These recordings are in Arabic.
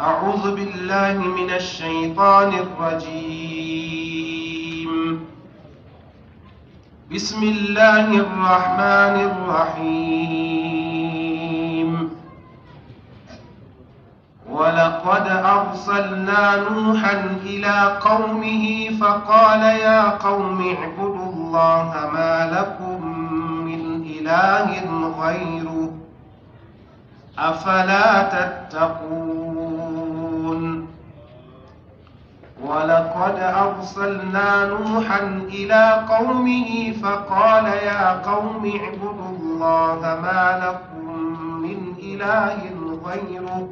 أعوذ بالله من الشيطان الرجيم بسم الله الرحمن الرحيم ولقد أرسلنا نوحا إلى قومه فقال يا قوم اعبدوا الله ما لكم من إله غيره أفلا تتقون ولقد أرسلنا نوحا إلى قومه فقال يا قوم اعبدوا الله ما لكم من إله غيره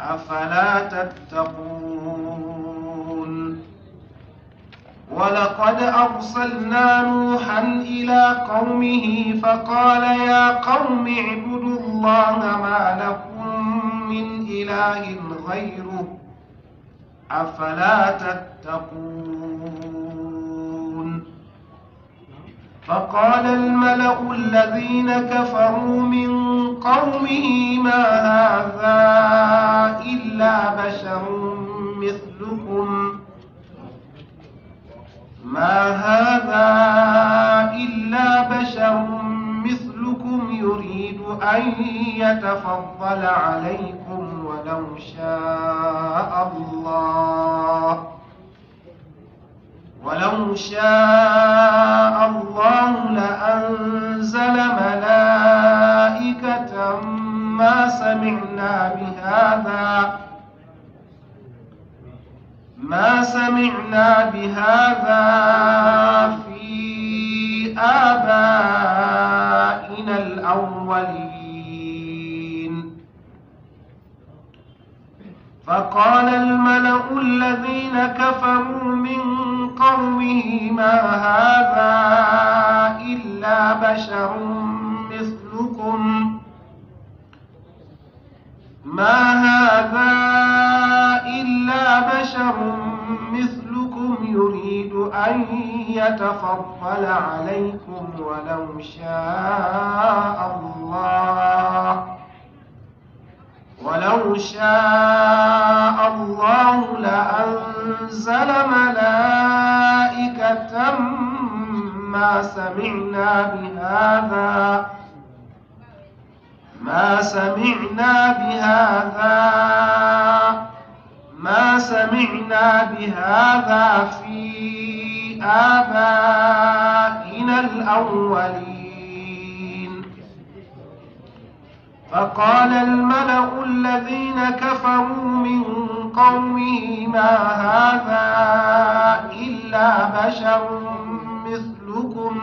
أفلا تتقون ولقد أرسلنا نوحا إلى قومه فقال يا قوم اعبدوا الله ما لكم من إله غيره أفلا تتقون فقال الملأ الذين كفروا من قومه ما هذا إلا بشر مثلكم ما هذا إلا بشر مثلكم يريد أن يتفضل عليكم ولو شاء الله ولو شاء الله لأنزل ملائكة ما سمعنا بهذا ما سمعنا بهذا في آبائنا الأولين فقال الملأ الذين كفروا من قومه ما هذا إلا بشر مثلكم ما هذا إلا بشر مثلكم يريد أن يتفضل عليكم ولو شاء الله ولو شاء الله لأنزل ملائكة ما سمعنا بهذا ما سمعنا بهذا ما سمعنا بهذا في آبائنا الأولين فقال الملأ الذين كفروا من قومه ما هذا إلا بشر مثلكم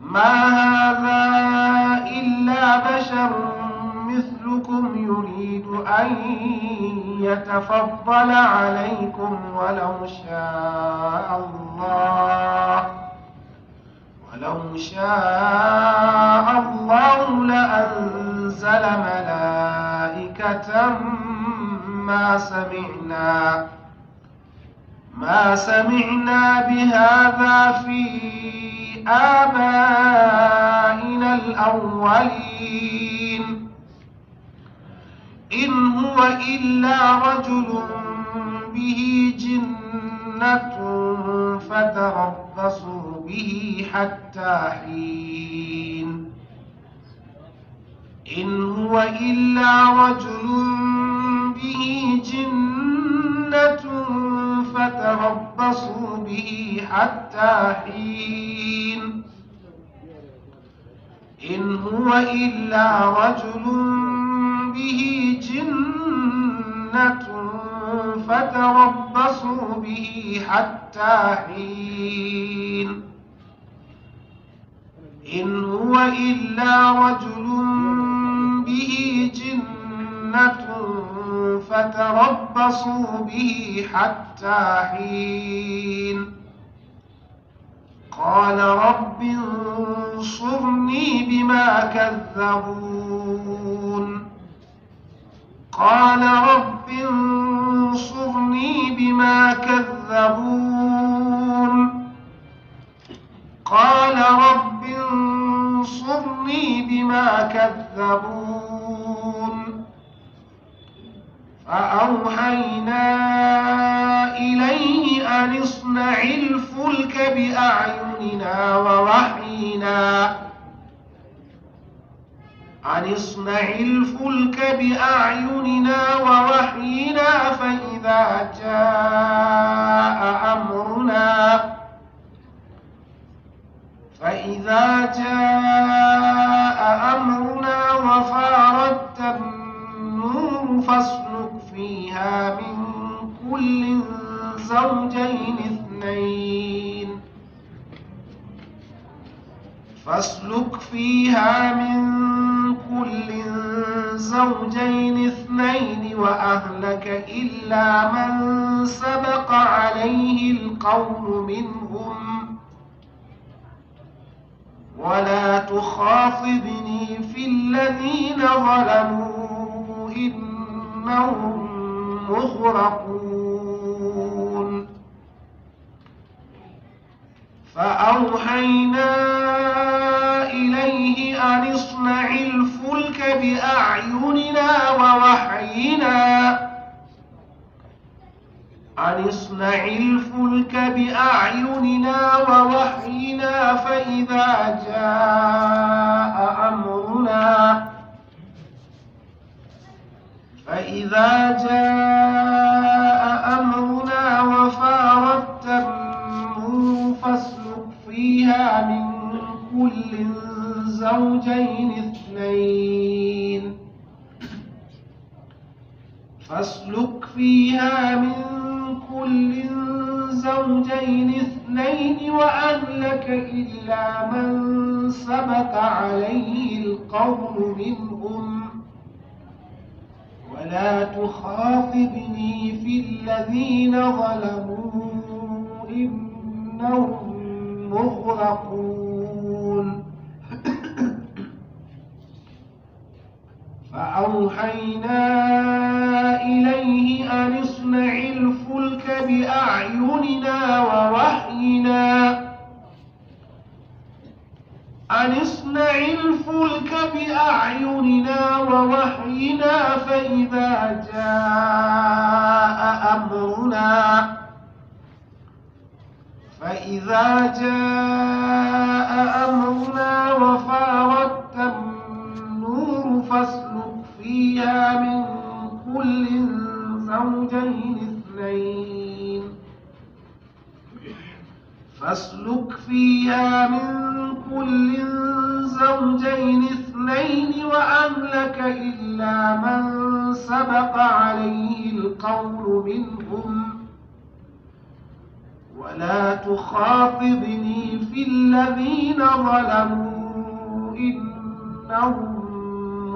ما هذا إلا بشر مثلكم يريد أن يتفضل عليكم ولو شاء الله ولو شاء الله لأنزل ملائكة ما سمعنا ما سمعنا بهذا في آبائنا الأولين إن هو إلا رجل به جنة فتربصوا به حتى حين إن هو إلا رجل به جنة فتربصوا به حتى حين إن هو إلا رجل به جنة فتربصوا به حتى حين إن هو إلا رجل به جنة فتربصوا به حتى حين قال رب انصرني بما كذبون قال رب انصرني بما كذبون قال رب انصرني بما كذبون فأوحينا إليه أن اصنع الفلك بأعيننا ووحينا أن اصنع الفلك بأعيننا ووحينا فإذا جاء أمرنا فإذا جاء أمرنا وفاردت النور فاسلك فيها من كل زوجين اثنين فاسلك فيها من الزوجين اثنين وأهلك إلا من سبق عليه القول منهم ولا تخاطبني في الذين ظلموا إنهم مغرقون فأوحينا إليه أن اصنع الف ربك بأعيننا ووحينا أن اصنع الفلك بأعيننا ووحينا فإذا جاء أمرنا فإذا جاء أمرنا وفارت النور فاسلك فيها من كل الزوجين اثنين فاسلك فيها من كل زوجين اثنين وأهلك إلا من سبق عليه القول منهم ولا تخاطبني في الذين ظلموا إنهم مغرقون فأوحينا إليه أن اصنع الفلك بأعيننا ووحينا أن اصنع الفلك بأعيننا ووحينا فإذا جاء أمرنا فإذا جاء أمرنا وفارت النور فاصنع فيها من كل زوجين اثنين فاسلك فيها من كل زوجين اثنين وأهلك إلا من سبق عليه القول منهم ولا تخاطبني في الذين ظلموا إنهم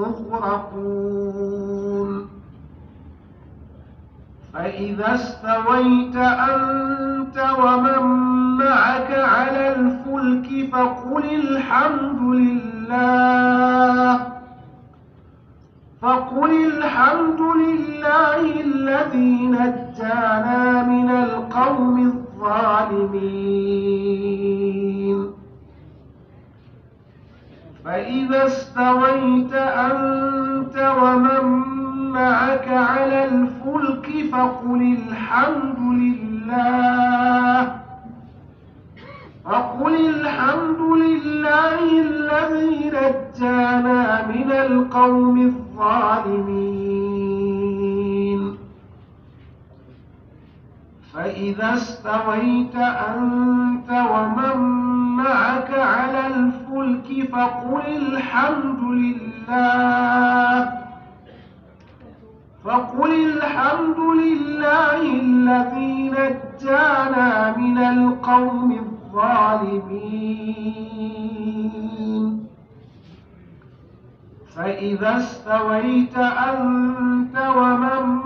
مغرقون فإذا استويت أنت ومن معك على الفلك فقل الحمد لله فقل الحمد لله الذي نجانا من القوم الظالمين فإذا استويت أنت ومن معك على الفلك فقل الحمد لله فقل الحمد لله الذي نجانا من القوم الظالمين فإذا استويت أنت ومن معك على الفلك فقل الحمد لله فقل الحمد لله الذي نجانا من القوم الظالمين فإذا استويت أنت ومن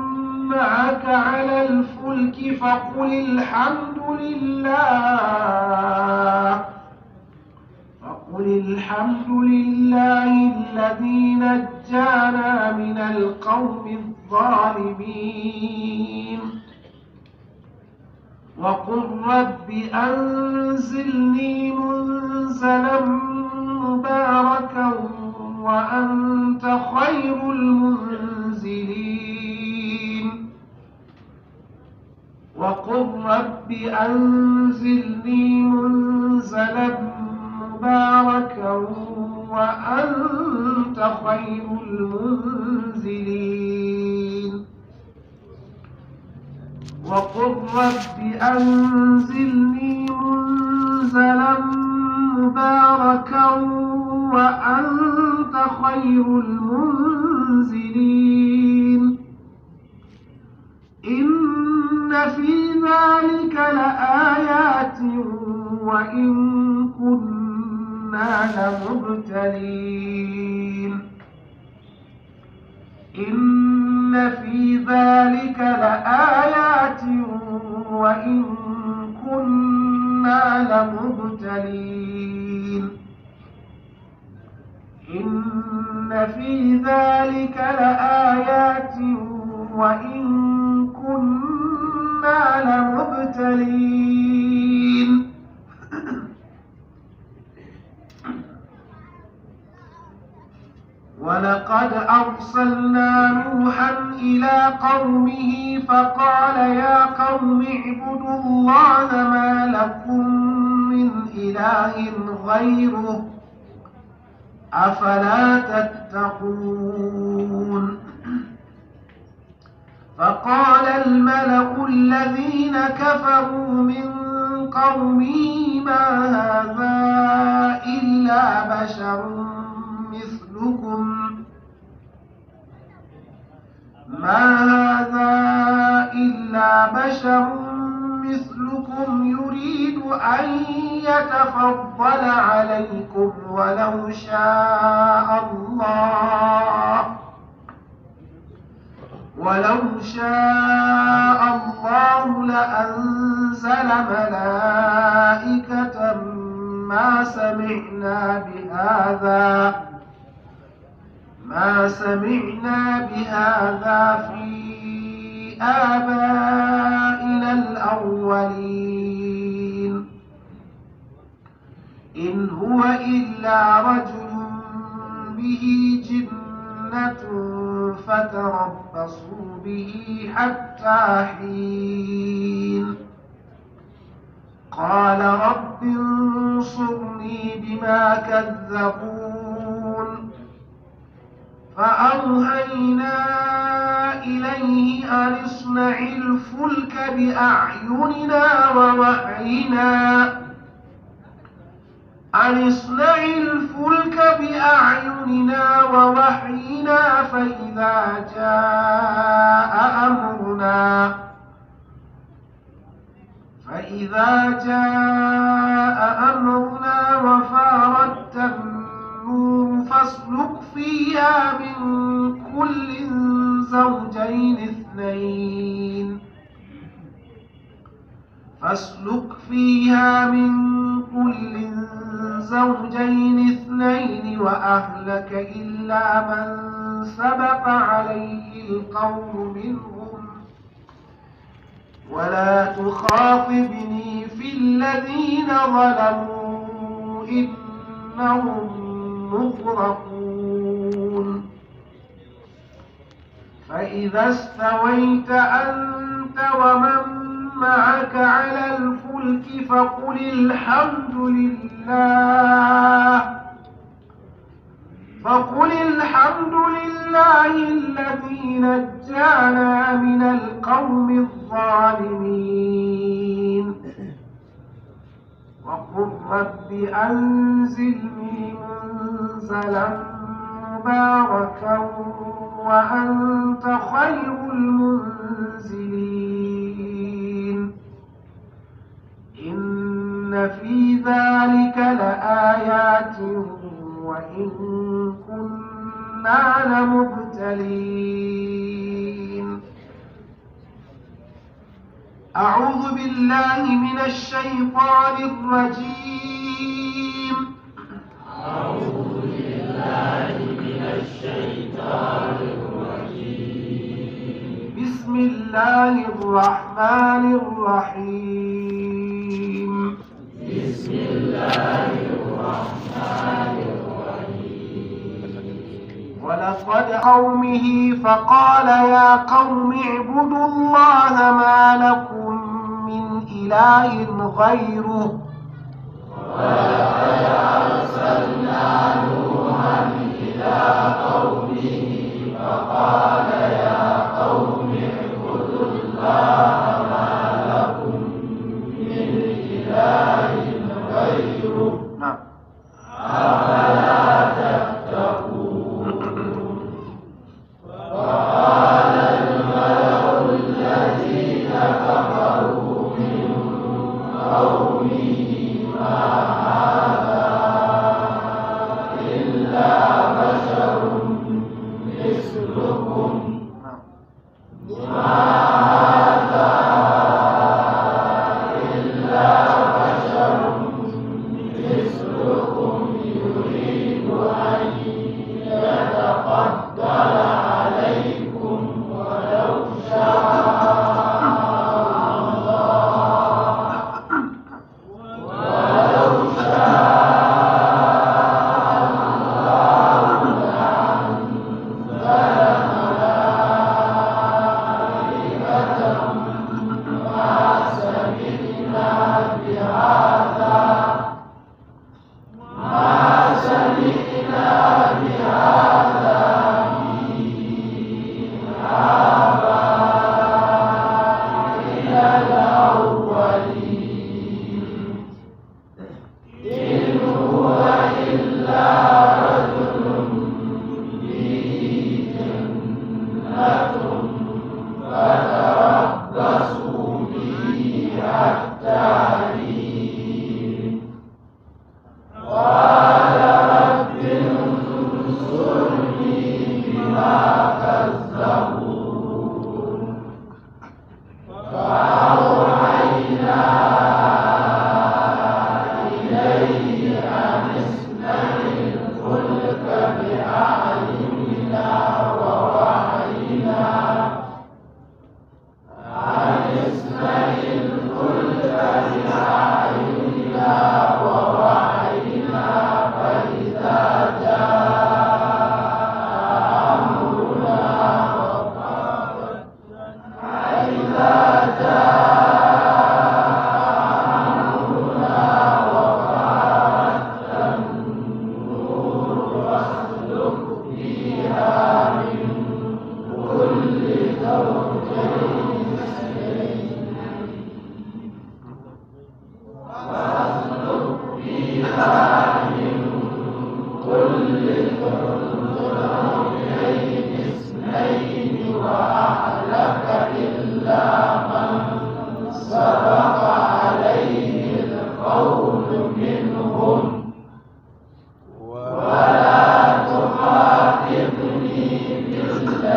معك على الفلك فقل الحمد لله قل الحمد لله الذي نجانا من القوم الظالمين وقل رب أنزلني منزلا مباركا وأنت خير المنزلين وقل رب أنزلني منزلا مباركا وأنت خير المنزلين وقل رب أنزلني منزلا مباركا وأنت خير المنزلين إن في ذلك لآيات وإن كنت لمبتلين إن في ذلك لآيات وإن كنا لمبتلين إن في ذلك لآيات وإن كنا لمبتلين ولقد أرسلنا نوحا إلى قومه فقال يا قوم اعبدوا الله ما لكم من إله غيره أفلا تتقون فقال الملأ الذين كفروا من قومه ما هذا إلا بشر مثلكم ما هذا إلا بشر مثلكم يريد أن يتفضل عليكم ولو شاء الله ولو شاء الله لأنزل ملائكة ما سمعنا بهذا ما سمعنا بهذا في آبائنا الأولين إن هو إلا رجل به جنة فتربصوا به حتى حين قال رب انصرني بما كذبون فأوهينا إليه أن اصنع الفلك بأعيننا ووحينا أن اصنع الفلك بأعيننا ووحينا فإذا جاء أمرنا فإذا جاء أمرنا وفاردت فاسلك فيها من كل زوجين اثنين فاسلك فيها من كل زوجين اثنين وأهلك إلا من سبق عليه القول منهم ولا تخاطبني في الذين ظلموا إنهم مغرقون فإذا استويت أنت ومن معك على الفلك فقل الحمد لله فقل الحمد لله الذي نجانا من القوم الظالمين وقل رب أنزلني من منزلا مباركا وأنت خير المنزلين إن في ذلك لآيات وإن كنا لمبتلين أعوذ بالله من الشيطان الرجيم الشيطان الرجيم بسم الله الرحمن الرحيم بسم الله الرحمن الرحيم ولقد قومه فقال يا قوم اعبدوا الله ما لكم من إله غيره ولقد أرسلنا نوحا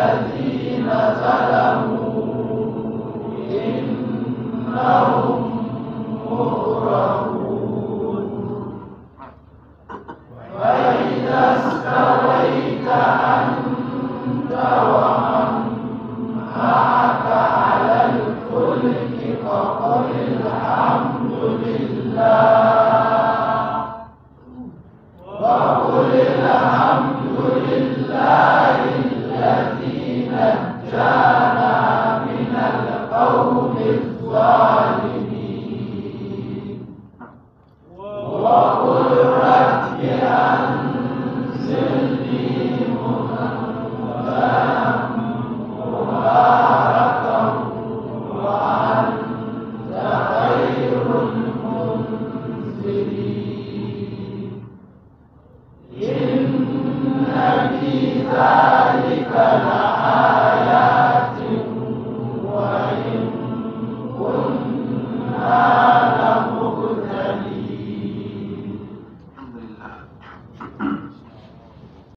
الذين ظلموا إنهم